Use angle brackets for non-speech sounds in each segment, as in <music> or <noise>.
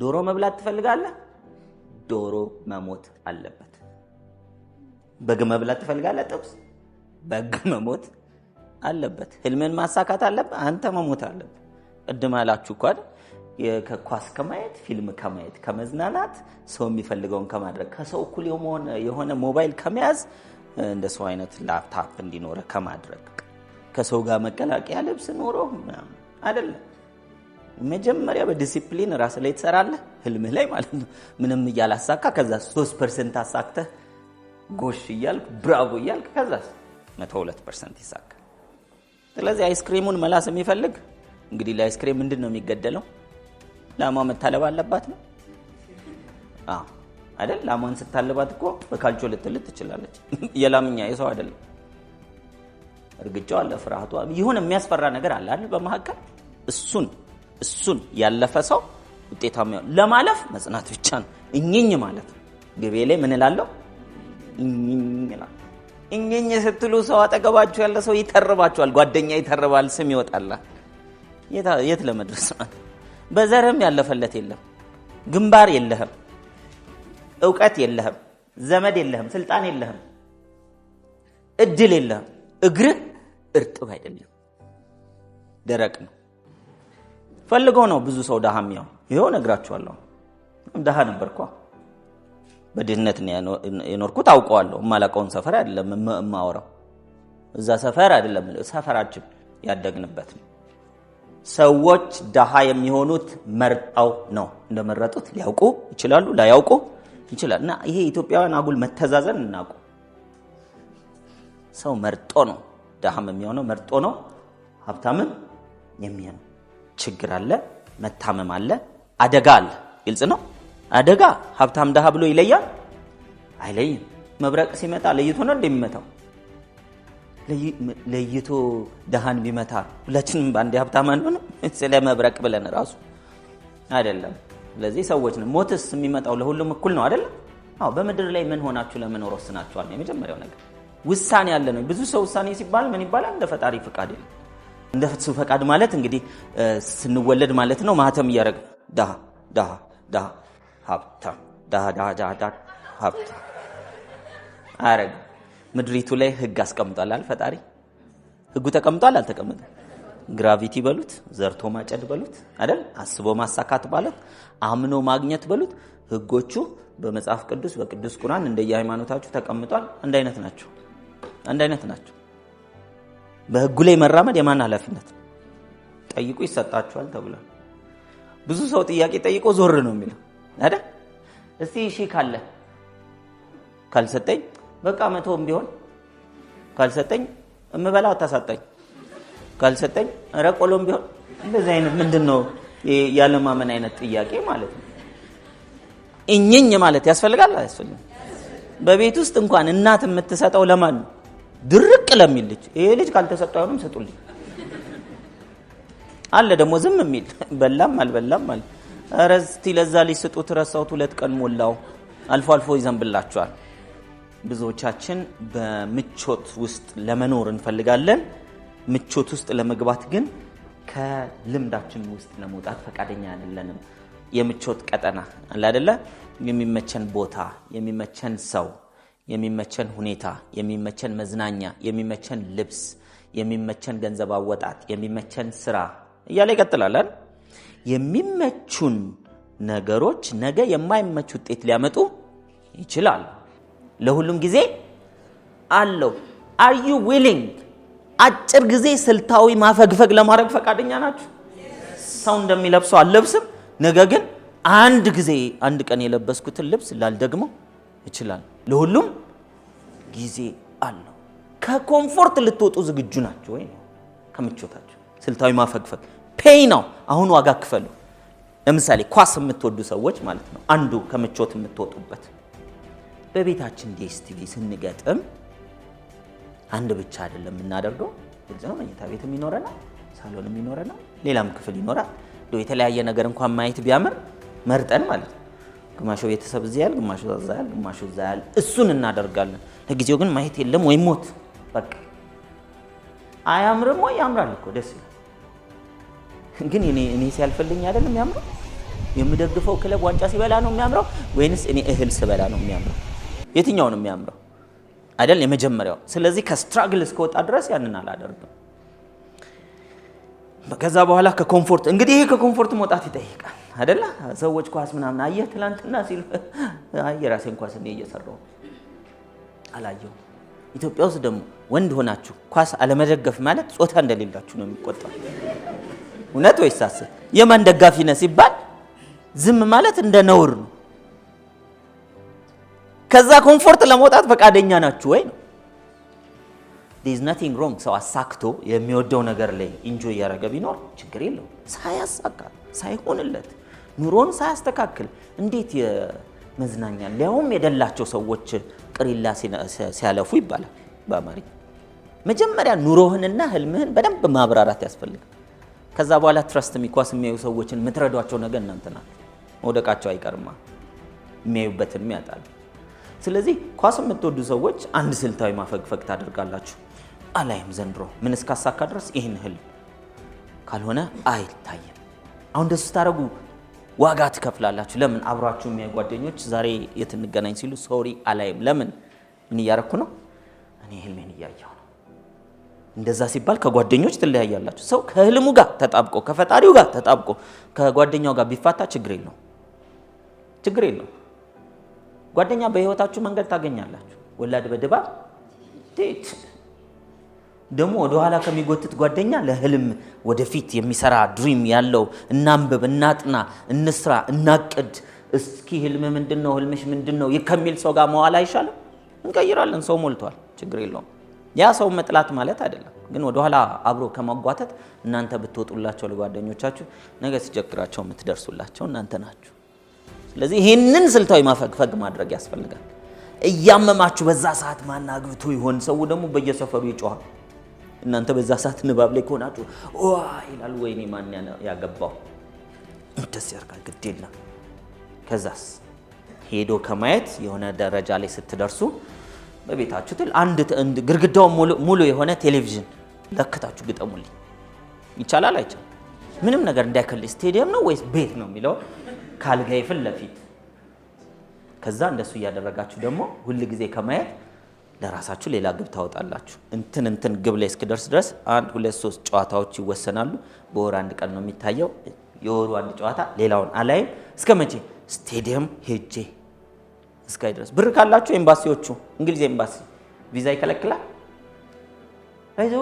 ዶሮ መብላት ትፈልጋለህ? ዶሮ መሞት አለበት። በግ መብላት ትፈልጋለህ? ጥብስ። በግ <laughs> መሞት አለበት። ህልምን ማሳካት አለብህ። አንተ መሞት አለብህ። ቅድም አላችሁ እኮ ከኳስ ከማየት ፊልም ከማየት ከመዝናናት ሰው የሚፈልገውን ከማድረግ ከሰው እኩል የሆነ ሞባይል ከመያዝ እንደ ሰው አይነት ላፕታፕ እንዲኖረ ከማድረግ ከሰው ጋር መቀላቀያ ልብስ ኖሮ አይደለም። መጀመሪያ በዲሲፕሊን ራስ ላይ ትሰራለህ፣ ህልምህ ላይ ማለት ነው። ምንም እያላሳካ ከዛ 3 ፐርሰንት አሳክተህ ጎሽ እያልክ ብራቮ እያልክ ከዛ 102 ፐርሰንት ይሳካ። ስለዚህ አይስክሪሙን መላስ የሚፈልግ እንግዲህ ለአይስክሪም ምንድን ነው የሚገደለው? ላሟ መታለብ አለባት ነው አይደል? ላሟን ስታልባት እኮ በካልቾ ልትልት ትችላለች። <laughs> የላምኛ የሰው አይደለም። እርግጫው አለ፣ ፍርሃቱ የሆነ የሚያስፈራ ነገር አለ አይደል? በመካከል እሱን እሱን ያለፈ ሰው ውጤታማ ለማለፍ መጽናት ብቻ ነው። እኝኝ ማለት ነው። ግቤ ላይ ምን እላለሁ? እኝኝ ላ እኝኝ ስትሉ ሰው አጠገባችሁ ያለ ሰው ይተርባችኋል። ጓደኛ ይተርባል፣ ስም ይወጣላ። የት ለመድረስ ማለት በዘርህም ያለፈለት የለም፣ ግንባር የለህም፣ እውቀት የለህም፣ ዘመድ የለህም፣ ስልጣን የለህም፣ እድል የለህም። እግርህ እርጥብ አይደለም፣ ደረቅ ነው። ፈልጎ ነው ብዙ ሰው ድሃ የሚያው ይኸው ነግራችኋለሁ ድሃ ነበር እኳ በድህነት የኖርኩት አውቀዋለሁ። የማላውቀውን ሰፈር አይደለም የማወራው። እዛ ሰፈር አይደለም ሰፈራችን ያደግንበት ሰዎች ድሃ የሚሆኑት መርጠው ነው። እንደመረጡት ሊያውቁ ይችላሉ፣ ላያውቁ ይችላል። እና ይሄ ኢትዮጵያውያን አጉል መተዛዘን እናውቁ። ሰው መርጦ ነው ድሃም የሚሆነው መርጦ ነው ሀብታምም የሚሆነው። ችግር አለ፣ መታመም አለ፣ አደጋ አለ። ግልጽ ነው። አደጋ ሀብታም ደሃ ብሎ ይለያል አይለይም። መብረቅ ሲመጣ ለይቶ ነው እንደሚመታው ለይቶ ደሃን ቢመታ ሁላችንም በአንድ ሀብታም አንሆንም። <laughs> ስለ መብረቅ ብለን ራሱ አይደለም። ስለዚህ ሰዎች ነው። ሞትስ የሚመጣው ለሁሉም እኩል ነው አይደለም? አዎ። በምድር ላይ ምን ሆናችሁ ለመኖር ወስናችኋል? የመጀመሪያው ነገር ውሳኔ ያለ ነው። ብዙ ሰው ውሳኔ ሲባል ምን ይባላል? እንደ ፈጣሪ ፍቃድ የለም እንደ ፍትህ ፈቃድ ማለት እንግዲህ ስንወለድ ማለት ነው። ማህተም እያደረገ ድሃ ድሃ ድሃ አረግ ምድሪቱ ላይ ህግ አስቀምጧል አልፈጣሪ ህጉ ተቀምጧል አልተቀመጠም? ግራቪቲ በሉት፣ ዘርቶ ማጨድ በሉት አይደል? አስቦ ማሳካት ማለት አምኖ ማግኘት በሉት። ህጎቹ በመጽሐፍ ቅዱስ በቅዱስ ቁርአን እንደየሃይማኖታችሁ ተቀምጧል። አንድ አይነት ናቸው። አንድ አይነት ናቸው። በህጉ ላይ መራመድ የማን ኃላፊነት ጠይቁ ይሰጣችኋል ተብሏል። ብዙ ሰው ጥያቄ ጠይቆ ዞር ነው የሚለው አደ እስቲ እሺ ካለ ካልሰጠኝ በቃ መቶም ቢሆን ካልሰጠኝ እምበላ አታሳጣኝ ካልሰጠኝ ረቆሎም ቢሆን እንደዚህ አይነት ምንድን ነው ያለማመን አይነት ጥያቄ ማለት ነው። እኝኝ ማለት ያስፈልጋል አያስፈልግም? በቤት ውስጥ እንኳን እናት የምትሰጠው ለማን ነው? ድርቅ ለሚል ልጅ ይሄ ልጅ ካልተሰጠው አይሆንም፣ ስጡልኝ አለ። ደግሞ ዝም የሚል በላም አልበላም አለ። ኧረ እስቲ ለዛ ልጅ ስጡት፣ ረሳሁት፣ ሁለት ቀን ሞላው። አልፎ አልፎ ይዘንብላቸዋል ብዙዎቻችን በምቾት ውስጥ ለመኖር እንፈልጋለን። ምቾት ውስጥ ለመግባት ግን ከልምዳችን ውስጥ ለመውጣት ፈቃደኛ አይደለንም። የምቾት ቀጠና አላደለ የሚመቸን ቦታ፣ የሚመቸን ሰው የሚመቸን ሁኔታ፣ የሚመቸን መዝናኛ፣ የሚመቸን ልብስ፣ የሚመቸን ገንዘብ አወጣጥ፣ የሚመቸን ስራ እያለ ይቀጥላለን። የሚመቹን ነገሮች ነገ የማይመች ውጤት ሊያመጡ ይችላል። ለሁሉም ጊዜ አለው። አር ዩ ዊሊንግ አጭር ጊዜ ስልታዊ ማፈግፈግ ለማድረግ ፈቃደኛ ናችሁ? ሰው እንደሚለብሰው አልለብስም፣ ነገ ግን አንድ ጊዜ አንድ ቀን የለበስኩትን ልብስ ላልደግመው ይችላል። ለሁሉም ጊዜ አለው። ከኮምፎርት ልትወጡ ዝግጁ ናቸው ወይ? ከምቾታቸው ስልታዊ ማፈግፈግ ፔይ ነው። አሁን ዋጋ ክፈሉ። ለምሳሌ ኳስ የምትወዱ ሰዎች ማለት ነው አንዱ ከምቾት የምትወጡበት በቤታችን ዲኤስቲቪ ስንገጥም አንድ ብቻ አይደለም የምናደርገው። ግልጽ ነው። መኝታ ቤትም ይኖረናል፣ ሳሎንም ይኖረናል፣ ሌላም ክፍል ይኖራል። የተለያየ ነገር እንኳን ማየት ቢያምር መርጠን ማለት ነው ግማሹ ቤተሰብ እዚህ ያል፣ ግማሹ እዛ ያል፣ ግማሹ እዛ ያል። እሱን እናደርጋለን። ለጊዜው ግን ማየት የለም ወይ ሞት በቃ አያምርም ወይ? ያምራል እኮ ደስ ይላል። ግን እኔ እኔ ሲያልፈልኝ አይደለም የሚያምረው። የምደግፈው ክለብ ዋንጫ ሲበላ ነው የሚያምረው ወይንስ እኔ እህል ስበላ ነው የሚያምረው? የትኛው ነው የሚያምረው? አይደል? የመጀመሪያው። ስለዚህ ከስትራግል እስከወጣ ድረስ ያንን አላደርግም። ከዛ በኋላ ከኮምፎርት እንግዲህ ይሄ ከኮምፎርት መውጣት ይጠይቃል። አደለ ሰዎች ኳስ ምናምን አየህ ትላንትና ሲል የራሴን ኳስ እኔ እየሰራው አላየው። ኢትዮጵያ ውስጥ ደግሞ ወንድ ሆናችሁ ኳስ አለመደገፍ ማለት ጾታ እንደሌላችሁ ነው የሚቆጠሩ። እውነት ወይስ ሐሰት? የማን ደጋፊ ነህ ሲባል ዝም ማለት እንደ ነውር ነው። ከዛ ኮምፎርት ለመውጣት ፈቃደኛ ናችሁ ወይ ነው። ዴዝ ናቲንግ ሮንግ። ሰው አሳክቶ የሚወደው ነገር ላይ ኢንጆይ እያደረገ ቢኖር ችግር የለውም። ሳያሳካ ሳይሆንለት ኑሮን ሳያስተካክል እንዴት የመዝናኛ ሊያውም የደላቸው ሰዎች ቅሪላ ሲያለፉ ይባላል በአማርኛ። መጀመሪያ ኑሮህንና ህልምህን በደንብ ማብራራት ያስፈልጋል። ከዛ በኋላ ትረስት የሚኳስ የሚያዩ ሰዎችን የምትረዷቸው ነገር እናንተ መውደቃቸው አይቀርማ የሚያዩበትን ያጣሉ። ስለዚህ ኳስ የምትወዱ ሰዎች አንድ ስልታዊ ማፈግፈግ ታደርጋላችሁ። አላይም ዘንድሮ ምን እስካሳካ ድረስ ይህን ህልም ካልሆነ አይታይም። አሁን ደሱ ስታደርጉ ዋጋ ትከፍላላችሁ። ለምን አብሯችሁ የሚያዩ ጓደኞች ዛሬ የት እንገናኝ ሲሉ ሶሪ አላይም። ለምን ምን እያረኩ ነው? እኔ ህልሜን እያየሁ ነው። እንደዛ ሲባል ከጓደኞች ትለያያላችሁ። ሰው ከህልሙ ጋር ተጣብቆ ከፈጣሪው ጋር ተጣብቆ ከጓደኛው ጋር ቢፋታ ችግር የለው ችግር የለው። ጓደኛ በህይወታችሁ መንገድ ታገኛላችሁ። ወላድ በድባብ ደግሞ ወደኋላ ከሚጎትት ጓደኛ ለህልም ወደፊት የሚሰራ ድሪም ያለው እናንብብ፣ እናጥና፣ እንስራ፣ እናቅድ። እስኪ ህልም ምንድን ነው? ህልምሽ ምንድን ነው? ከሚል ሰው ጋር መዋል አይሻልም? እንቀይራለን። ሰው ሞልቷል፣ ችግር የለውም። ያ ሰው መጥላት ማለት አይደለም፣ ግን ወደኋላ አብሮ ከማጓተት እናንተ ብትወጡላቸው ለጓደኞቻችሁ ነገ ሲቸግራቸው የምትደርሱላቸው እናንተ ናችሁ። ስለዚህ ይህንን ስልታዊ ማፈግፈግ ማድረግ ያስፈልጋል። እያመማችሁ በዛ ሰዓት ማናግብቶ ይሆን ሰው ደግሞ በየሰፈሩ ይጮኋል። እናንተ በዛ ሰዓት ንባብ ላይ ከሆናችሁ ዋ ይላል። ወይኔ ማን ያገባው ደስ ያርጋል። ግድ የለም። ከዛስ ሄዶ ከማየት የሆነ ደረጃ ላይ ስትደርሱ በቤታችሁ ትል አንድ ግድግዳውን ሙሉ የሆነ ቴሌቪዥን ለክታችሁ ግጠሙልኝ። ይቻላል አይቻል? ምንም ነገር እንዳይከል ስቴዲየም ነው ወይስ ቤት ነው የሚለው ካልጋይ ፊት ለፊት ከዛ እንደሱ እያደረጋችሁ ደግሞ ሁል ጊዜ ከማየት ለራሳችሁ ሌላ ግብ ታወጣላችሁ። እንትን እንትን ግብ ላይ እስክደርስ ድረስ አንድ ሁለት ሶስት ጨዋታዎች ይወሰናሉ። በወር አንድ ቀን ነው የሚታየው። የወሩ አንድ ጨዋታ ሌላውን አላይም። እስከ መቼ ስቴዲየም ሄጄ እስካይ ድረስ ብር ካላችሁ ኤምባሲዎቹ፣ እንግሊዝ ኤምባሲ ቪዛ ይከለክላል።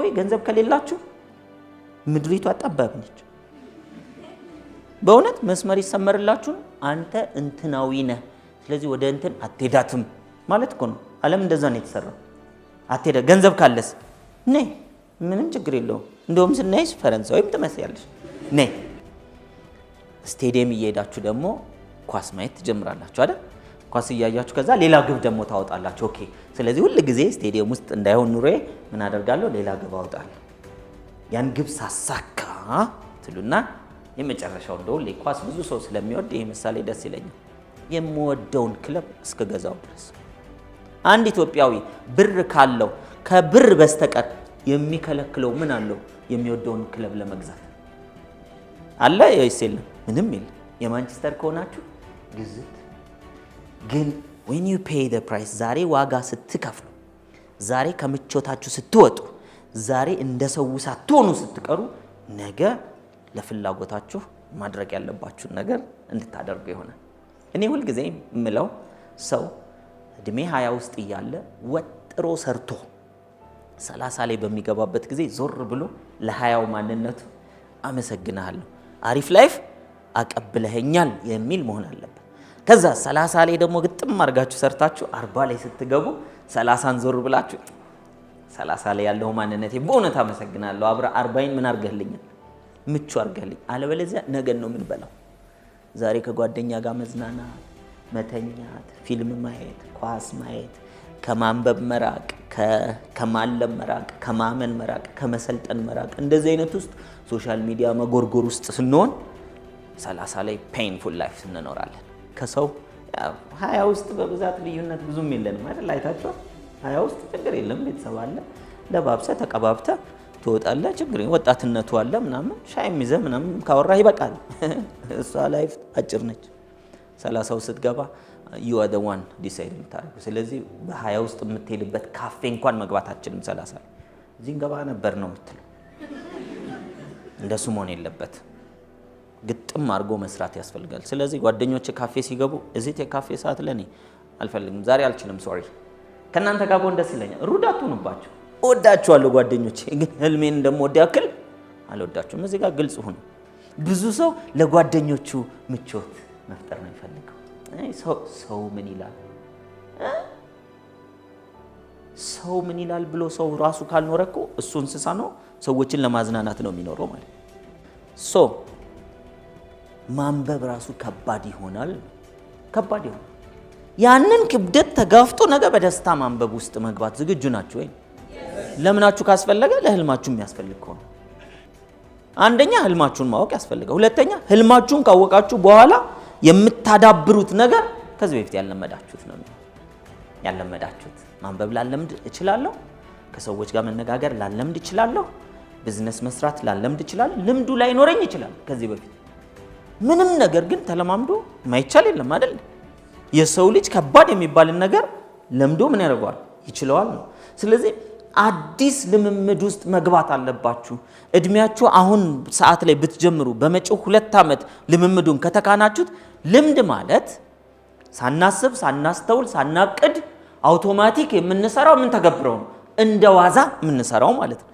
ወይ ገንዘብ ከሌላችሁ ምድሪቷ ጠባብ ነች። በእውነት መስመር ይሰመርላችሁን። አንተ እንትናዊ ነህ፣ ስለዚህ ወደ እንትን አትሄዳትም ማለት እኮ ነው። ዓለም እንደዛ ነው የተሰራው። አትሄደ ገንዘብ ካለስ ነይ፣ ምንም ችግር የለውም። እንደውም ፈረንሳ ፈረንሳዊም ትመስያለሽ። ነይ ስቴዲየም እየሄዳችሁ ደግሞ ኳስ ማየት ትጀምራላችሁ አይደል? ኳስ እያያችሁ ከዛ ሌላ ግብ ደግሞ ታወጣላችሁ። ኦኬ። ስለዚህ ሁል ጊዜ ስቴዲየም ውስጥ እንዳይሆን ኑሮ ምን አደርጋለሁ? ሌላ ግብ አወጣለሁ። ያን ግብ ሳሳካ ትሉና የመጨረሻው ሁሌ ኳስ ብዙ ሰው ስለሚወድ ይህ ምሳሌ ደስ ይለኛል። የምወደውን ክለብ እስከ ገዛው ድረስ አንድ ኢትዮጵያዊ ብር ካለው ከብር በስተቀር የሚከለክለው ምን አለው? የሚወደውን ክለብ ለመግዛት አለ ወይስ የለም? ምንም የለም። የማንቸስተር ከሆናችሁ ግዝት። ግን ዌን ዩ ፔይ ዘ ፕራይስ፣ ዛሬ ዋጋ ስትከፍሉ፣ ዛሬ ከምቾታችሁ ስትወጡ፣ ዛሬ እንደ ሰው ሳትሆኑ ስትቀሩ፣ ነገ ለፍላጎታችሁ ማድረግ ያለባችሁን ነገር እንድታደርጉ ይሆናል። እኔ ሁልጊዜ ምለው ሰው እድሜ ሀያ ውስጥ እያለ ወጥሮ ሰርቶ ሰላሳ ላይ በሚገባበት ጊዜ ዞር ብሎ ለሀያው ማንነቱ አመሰግናለሁ አሪፍ ላይፍ አቀብለኸኛል የሚል መሆን አለበት። ከዛ ሰላሳ ላይ ደግሞ ግጥም አድርጋችሁ ሰርታችሁ አርባ ላይ ስትገቡ ሰላሳን ዞር ብላችሁ ሰላሳ ላይ ያለው ማንነቴ በእውነት አመሰግናለሁ አብረ አርባይን ምን አርገህልኛል ምቹ አርገህልኝ፣ አለበለዚያ ነገን ነው የምንበላው። ዛሬ ከጓደኛ ጋር መዝናናት መተኛት፣ ፊልም ማየት፣ ኳስ ማየት፣ ከማንበብ መራቅ፣ ከማለም መራቅ፣ ከማመን መራቅ፣ ከመሰልጠን መራቅ፣ እንደዚህ አይነት ውስጥ ሶሻል ሚዲያ መጎርጎር ውስጥ ስንሆን ሰላሳ ላይ ፔንፉል ላይፍ እንኖራለን። ከሰው ሀያ ውስጥ በብዛት ልዩነት ብዙም የለንም አይደል? አይታችኋል። ሀያ ውስጥ ችግር የለም ቤተሰብ አለ፣ ለባብሰ ተቀባብተ ትወጣለ። ችግር ወጣትነቱ አለ ምናምን ሻይ ይዘህ ምናምን ካወራ ይበቃል። <laughs> እሷ ላይፍ አጭር ነች። ሰላሳው ስትገባ ዩ አር ዘ ዋን ዲሳይድ የምታደርጉ። ስለዚህ በሀያ ውስጥ የምትሄድበት ካፌ እንኳን መግባት አችልም። ሰላሳ ላይ እዚህ እንገባ ነበር ነው የምትለው። እንደሱ መሆን የለበት ግጥም አድርጎ መስራት ያስፈልጋል። ስለዚህ ጓደኞች ካፌ ሲገቡ እዚህ የካፌ ሰዓት ለእኔ አልፈልግም፣ ዛሬ አልችልም፣ ሶሪ ከእናንተ ጋር በሆን ደስ ይለኛል። ሩድ አትሁኑባቸው። እወዳችኋለሁ ጓደኞቼ፣ ግን ህልሜን እንደምወድ ያክል አልወዳችሁም። እዚህ ጋር ግልጽ ሁኑ። ብዙ ሰው ለጓደኞቹ ምቾት መፍጠር ነው የሚፈልገው። ሰው ምን ይላል ሰው ምን ይላል ብሎ ሰው ራሱ ካልኖረ እኮ እሱ እንስሳ ነው፣ ሰዎችን ለማዝናናት ነው የሚኖረው ማለት ሶ ማንበብ ራሱ ከባድ ይሆናል። ከባድ ይሆናል። ያንን ክብደት ተጋፍጦ ነገ በደስታ ማንበብ ውስጥ መግባት ዝግጁ ናችሁ ወይ? ለምናችሁ ካስፈለገ ለህልማችሁ የሚያስፈልግ ከሆነ አንደኛ ህልማችሁን ማወቅ ያስፈልጋል። ሁለተኛ ህልማችሁን ካወቃችሁ በኋላ የምታዳብሩት ነገር ከዚህ በፊት ያለመዳችሁት ነው። ያለመዳችሁት ማንበብ ላለምድ እችላለሁ፣ ከሰዎች ጋር መነጋገር ላለምድ እችላለሁ፣ ቢዝነስ መስራት ላለምድ እችላለሁ። ልምዱ ላይኖረኝ ይችላል ከዚህ በፊት ምንም ነገር ግን ተለማምዶ ማይቻል የለም አይደል? የሰው ልጅ ከባድ የሚባልን ነገር ለምዶ ምን ያደርገዋል? ይችለዋል ነው። ስለዚህ አዲስ ልምምድ ውስጥ መግባት አለባችሁ። እድሜያችሁ አሁን ሰዓት ላይ ብትጀምሩ በመጪው ሁለት ዓመት ልምምዱን ከተካናችሁት ልምድ ማለት ሳናስብ ሳናስተውል ሳናቅድ አውቶማቲክ የምንሰራው ምን ተገብረው ነው እንደ ዋዛ የምንሰራው ማለት ነው።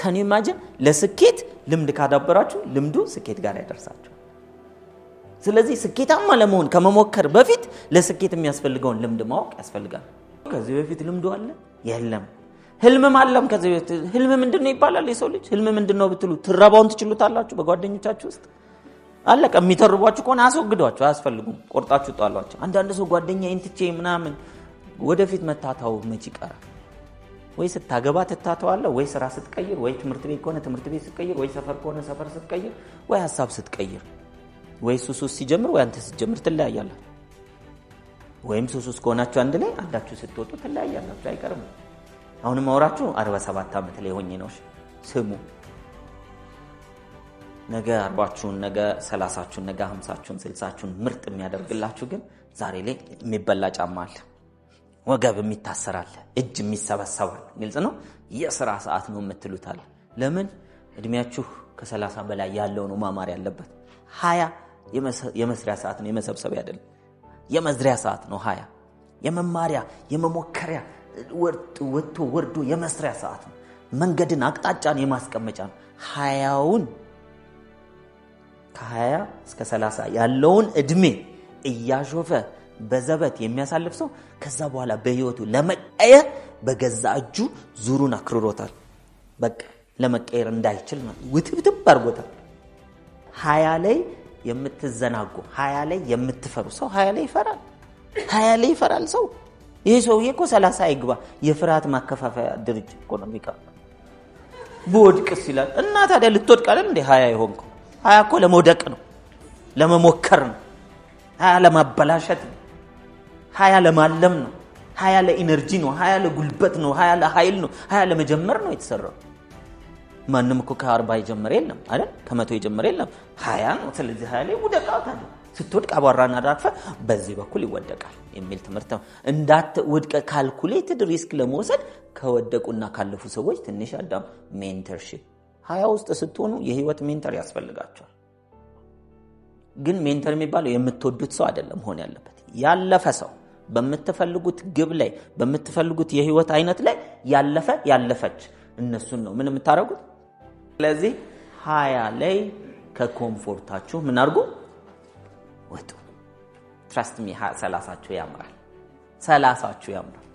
ከኔ ማጀን ለስኬት ልምድ ካዳበራችሁ ልምዱ ስኬት ጋር ያደርሳችሁ። ስለዚህ ስኬታማ ለመሆን ከመሞከር በፊት ለስኬት የሚያስፈልገውን ልምድ ማወቅ ያስፈልጋል። ከዚህ በፊት ልምዱ አለ የለም ህልምም አለም ከዚህ በፊት ህልም ምንድን ነው ይባላል። የሰው ልጅ ህልም ምንድን ነው ብትሉ ትረባውን ትችሉታላችሁ በጓደኞቻችሁ ውስጥ አለቀ። የሚተርቧችሁ ከሆነ አስወግዷቸው፣ አያስፈልጉም። ቆርጣችሁ ጣሏቸው። አንዳንድ ሰው ጓደኛ ኢንትቼ ምናምን ወደፊት መታታው መች ይቀራል? ወይ ስታገባ ትታተዋለህ፣ ወይ ስራ ስትቀይር፣ ወይ ትምህርት ቤት ከሆነ ትምህርት ቤት ስትቀይር፣ ወይ ሰፈር ከሆነ ሰፈር ስትቀይር፣ ወይ ሀሳብ ስትቀይር፣ ወይ ሱስ ሲጀምር፣ ወይ አንተ ስትጀምር ትለያያለህ። ወይም ሱሱስ ከሆናችሁ አንድ ላይ አንዳችሁ ስትወጡ ትለያያላችሁ፣ አይቀርም። አሁንም አውራችሁ 47 ዓመት ላይ ሆኜ ነው። ስሙ ነገ አርባችሁን፣ ነገ ሰላሳችሁን፣ ነገ ሀምሳችሁን፣ ስልሳችሁን ምርጥ የሚያደርግላችሁ ግን ዛሬ ላይ የሚበላ ጫማ አለ፣ ወገብ የሚታሰራል፣ እጅ የሚሰበሰባል። ግልጽ ነው። የስራ ሰዓት ነው የምትሉታል። ለምን እድሜያችሁ ከሰላሳ በላይ ያለው ነው ማማር ያለበት። ሀያ የመስሪያ ሰዓት ነው የመሰብሰብ አይደለም። የመዝሪያ ሰዓት ነው ሀያ የመማሪያ የመሞከሪያ ወጥቶ ወርዶ የመስሪያ ሰዓት ነው። መንገድን አቅጣጫን የማስቀመጫ ነው ሀያውን ከ20 እስከ 30 ያለውን እድሜ እያሾፈ በዘበት የሚያሳልፍ ሰው ከዛ በኋላ በህይወቱ ለመቀየር በገዛ እጁ ዙሩን አክርሮታል። በቃ ለመቀየር እንዳይችል ማለት ውትብትብ አድርጎታል። ሀያ ላይ የምትዘናጉ ሀያ ላይ የምትፈሩ ሰው ሀያ ላይ ይፈራል። ሀያ ላይ ይፈራል ሰው። ይህ ሰውዬ እኮ ሰላሳ አይግባ የፍርሃት ማከፋፈያ ድርጅት ኢኮኖሚካ በወድቅስ ይላል። እና ታዲያ ልትወድቃለን እንደ ሀያ የሆንከው ሀያ እኮ ለመውደቅ ነው፣ ለመሞከር ነው። ሀያ ለማበላሸት ነው። ሀያ ለማለም ነው። ሀያ ለኢነርጂ ነው። ሀያ ለጉልበት ነው። ሀያ ለኃይል ነው። ሀያ ለመጀመር ነው የተሰራው። ማንም እኮ ከአርባ የጀመረ የለም አይደል? ከመቶ የጀመረ የለም። ሀያ ነው። ስለዚህ ሀያ ላይ ውደቃታ ነው። ስትወድቅ አቧራና አራግፈ በዚህ በኩል ይወደቃል የሚል ትምህርት ነው። እንዳት ውድቀ ካልኩሌትድ ሪስክ ለመውሰድ ከወደቁና ካለፉ ሰዎች ትንሽ አዳም ሜንተርሺፕ ሀያ ውስጥ ስትሆኑ የህይወት ሜንተር ያስፈልጋቸዋል። ግን ሜንተር የሚባለው የምትወዱት ሰው አይደለም ሆን ያለበት ያለፈ ሰው በምትፈልጉት ግብ ላይ በምትፈልጉት የህይወት አይነት ላይ ያለፈ ያለፈች እነሱን ነው ምን የምታደርጉት። ስለዚህ ሀያ ላይ ከኮምፎርታችሁ ምን አድርጉ ወጡ። ትረስት ሚ ሰላሳችሁ ያምራል። ሰላሳችሁ ያምራል።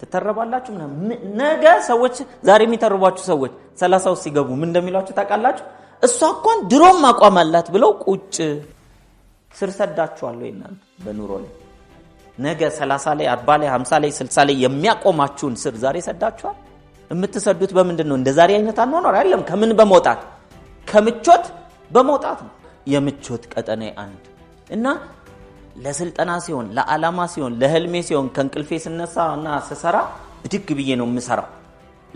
ትተረባላችሁ። ነገ ሰዎች ዛሬ የሚተርቧችሁ ሰዎች ሰላሳው ሲገቡ ምን እንደሚሏችሁ ታውቃላችሁ? እሷ እንኳን ድሮም አቋም አላት ብለው ቁጭ ስር ሰዳችኋለሁ ይናል በኑሮ ላይ ነገ 30 ላይ 40 ላይ 50 ላይ 60 ላይ የሚያቆማችሁን ስር ዛሬ ሰዳችኋል። የምትሰዱት በምንድን ነው? እንደ ዛሬ አይነት አኗኗር አይደለም። ከምን በመውጣት ከምቾት በመውጣት ነው። የምቾት ቀጠና አንድ እና ለስልጠና ሲሆን፣ ለዓላማ ሲሆን፣ ለህልሜ ሲሆን ከእንቅልፌ ስነሳ እና ስሰራ ብድግ ብዬ ነው የምሰራው።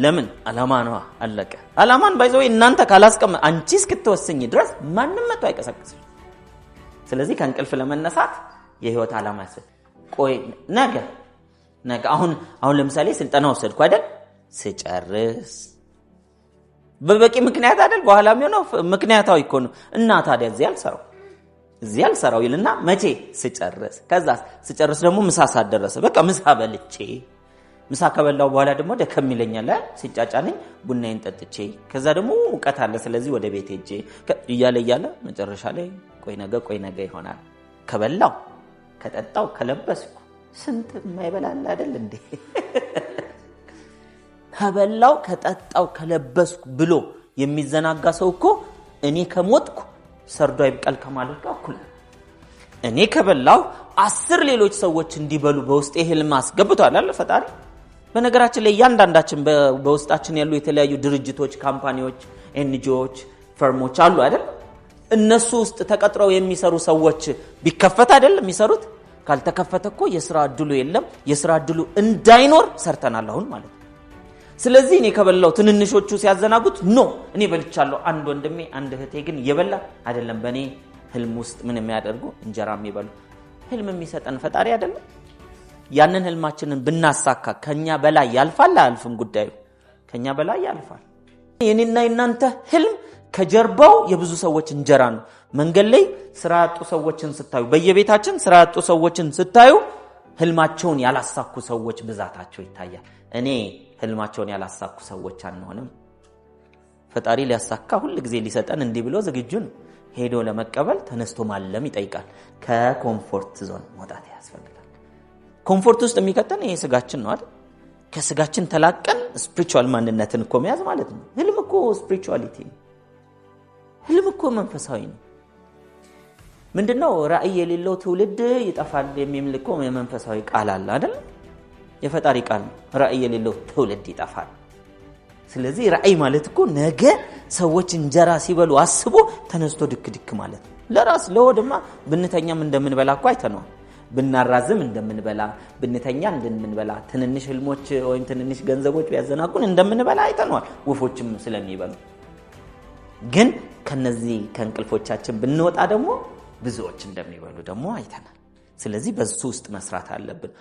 ለምን አላማ ነዋ። አለቀ። አላማን ባይዘው እናንተ ካላስቀመ አንቺ እስክትወስኝ ድረስ ማንም መቶ አይቀሰቅስም። ስለዚህ ከእንቅልፍ ለመነሳት የህይወት አላማ ያስፈልግ። ቆይ ነገ ነገ አሁን አሁን ለምሳሌ ስልጠና ወሰድኩ አይደል? ስጨርስ በበቂ ምክንያት አይደል? በኋላ የሚሆነው ምክንያታዊ እኮ ነው። እና ታዲያ እዚህ አልሰራው እዚህ አልሰራው ይልና መቼ ስጨርስ፣ ከዛ ስጨርስ ደግሞ ምሳ ሳትደረሰ በቃ ምሳ በልቼ ምሳ ከበላው በኋላ ደግሞ ደከም ይለኛል ሲጫጫነኝ ቡናዬን ጠጥቼ ከዛ ደግሞ እውቀት አለ ስለዚህ ወደ ቤት ሄጄ እያለ እያለ መጨረሻ ላይ ቆይ ነገ ቆይ ነገ ይሆናል ከበላው ከጠጣው ከለበስኩ ስንት የማይበላል አይደል እንዴ <laughs> ከበላው ከጠጣው ከለበስኩ ብሎ የሚዘናጋ ሰው እኮ እኔ ከሞትኩ ሰርዶ አይብቀል ከማለት ጋር እኩል እኔ ከበላው አስር ሌሎች ሰዎች እንዲበሉ በውስጥ ህልም አስገብቷል አለ ፈጣሪ በነገራችን ላይ እያንዳንዳችን በውስጣችን ያሉ የተለያዩ ድርጅቶች፣ ካምፓኒዎች፣ ኤንጂኦዎች፣ ፈርሞች አሉ አይደል? እነሱ ውስጥ ተቀጥረው የሚሰሩ ሰዎች ቢከፈት አይደል የሚሰሩት? ካልተከፈተ እኮ የስራ እድሉ የለም። የስራ እድሉ እንዳይኖር ሰርተናል አሁን ማለት ነው። ስለዚህ እኔ ከበላው ትንንሾቹ ሲያዘናጉት ኖ እኔ በልቻለሁ። አንድ ወንድሜ አንድ እህቴ ግን የበላ አይደለም። በእኔ ህልም ውስጥ ምን የሚያደርጉ እንጀራ የሚበሉ ህልም የሚሰጠን ፈጣሪ አይደለም ያንን ህልማችንን ብናሳካ ከኛ በላይ ያልፋል። አያልፍም? ጉዳዩ ከኛ በላይ ያልፋል። የኔና የናንተ ህልም ከጀርባው የብዙ ሰዎች እንጀራ ነው። መንገድ ላይ ስራ ያጡ ሰዎችን ስታዩ፣ በየቤታችን ስራ ያጡ ሰዎችን ስታዩ ህልማቸውን ያላሳኩ ሰዎች ብዛታቸው ይታያል። እኔ ህልማቸውን ያላሳኩ ሰዎች አንሆንም። ፈጣሪ ሊያሳካ ሁል ጊዜ ሊሰጠን እንዲህ ብሎ ዝግጁ ነው። ሄዶ ለመቀበል ተነስቶ ማለም ይጠይቃል። ከኮምፎርት ዞን መውጣት ያስፈልጋል። ኮምፎርት ውስጥ የሚከተን ይሄ ስጋችን ነው አይደል? ከስጋችን ተላቀን ስፒሪቹዋል ማንነትን እኮ መያዝ ማለት ነው። ህልም እኮ ስፕሪቹዋሊቲ ነው። ህልም እኮ መንፈሳዊ ነው። ምንድነው? ራእይ የሌለው ትውልድ ይጠፋል የሚል እኮ የመንፈሳዊ ቃል አለ አይደል? የፈጣሪ ቃል ነው። ራእይ የሌለው ትውልድ ይጠፋል። ስለዚህ ራእይ ማለት እኮ ነገ ሰዎች እንጀራ ሲበሉ አስቦ ተነስቶ ድክ ድክ ማለት ነው። ለራስ ለወድማ ብንተኛም እንደምንበላ እኳ አይተነዋል። ብናራዝም እንደምንበላ፣ ብንተኛ እንደምንበላ፣ ትንንሽ ህልሞች ወይም ትንንሽ ገንዘቦች ቢያዘናጉን እንደምንበላ አይተነዋል። ወፎችም ስለሚበሉ ግን ከነዚህ ከእንቅልፎቻችን ብንወጣ ደግሞ ብዙዎች እንደሚበሉ ደግሞ አይተናል። ስለዚህ በሱ ውስጥ መስራት አለብን።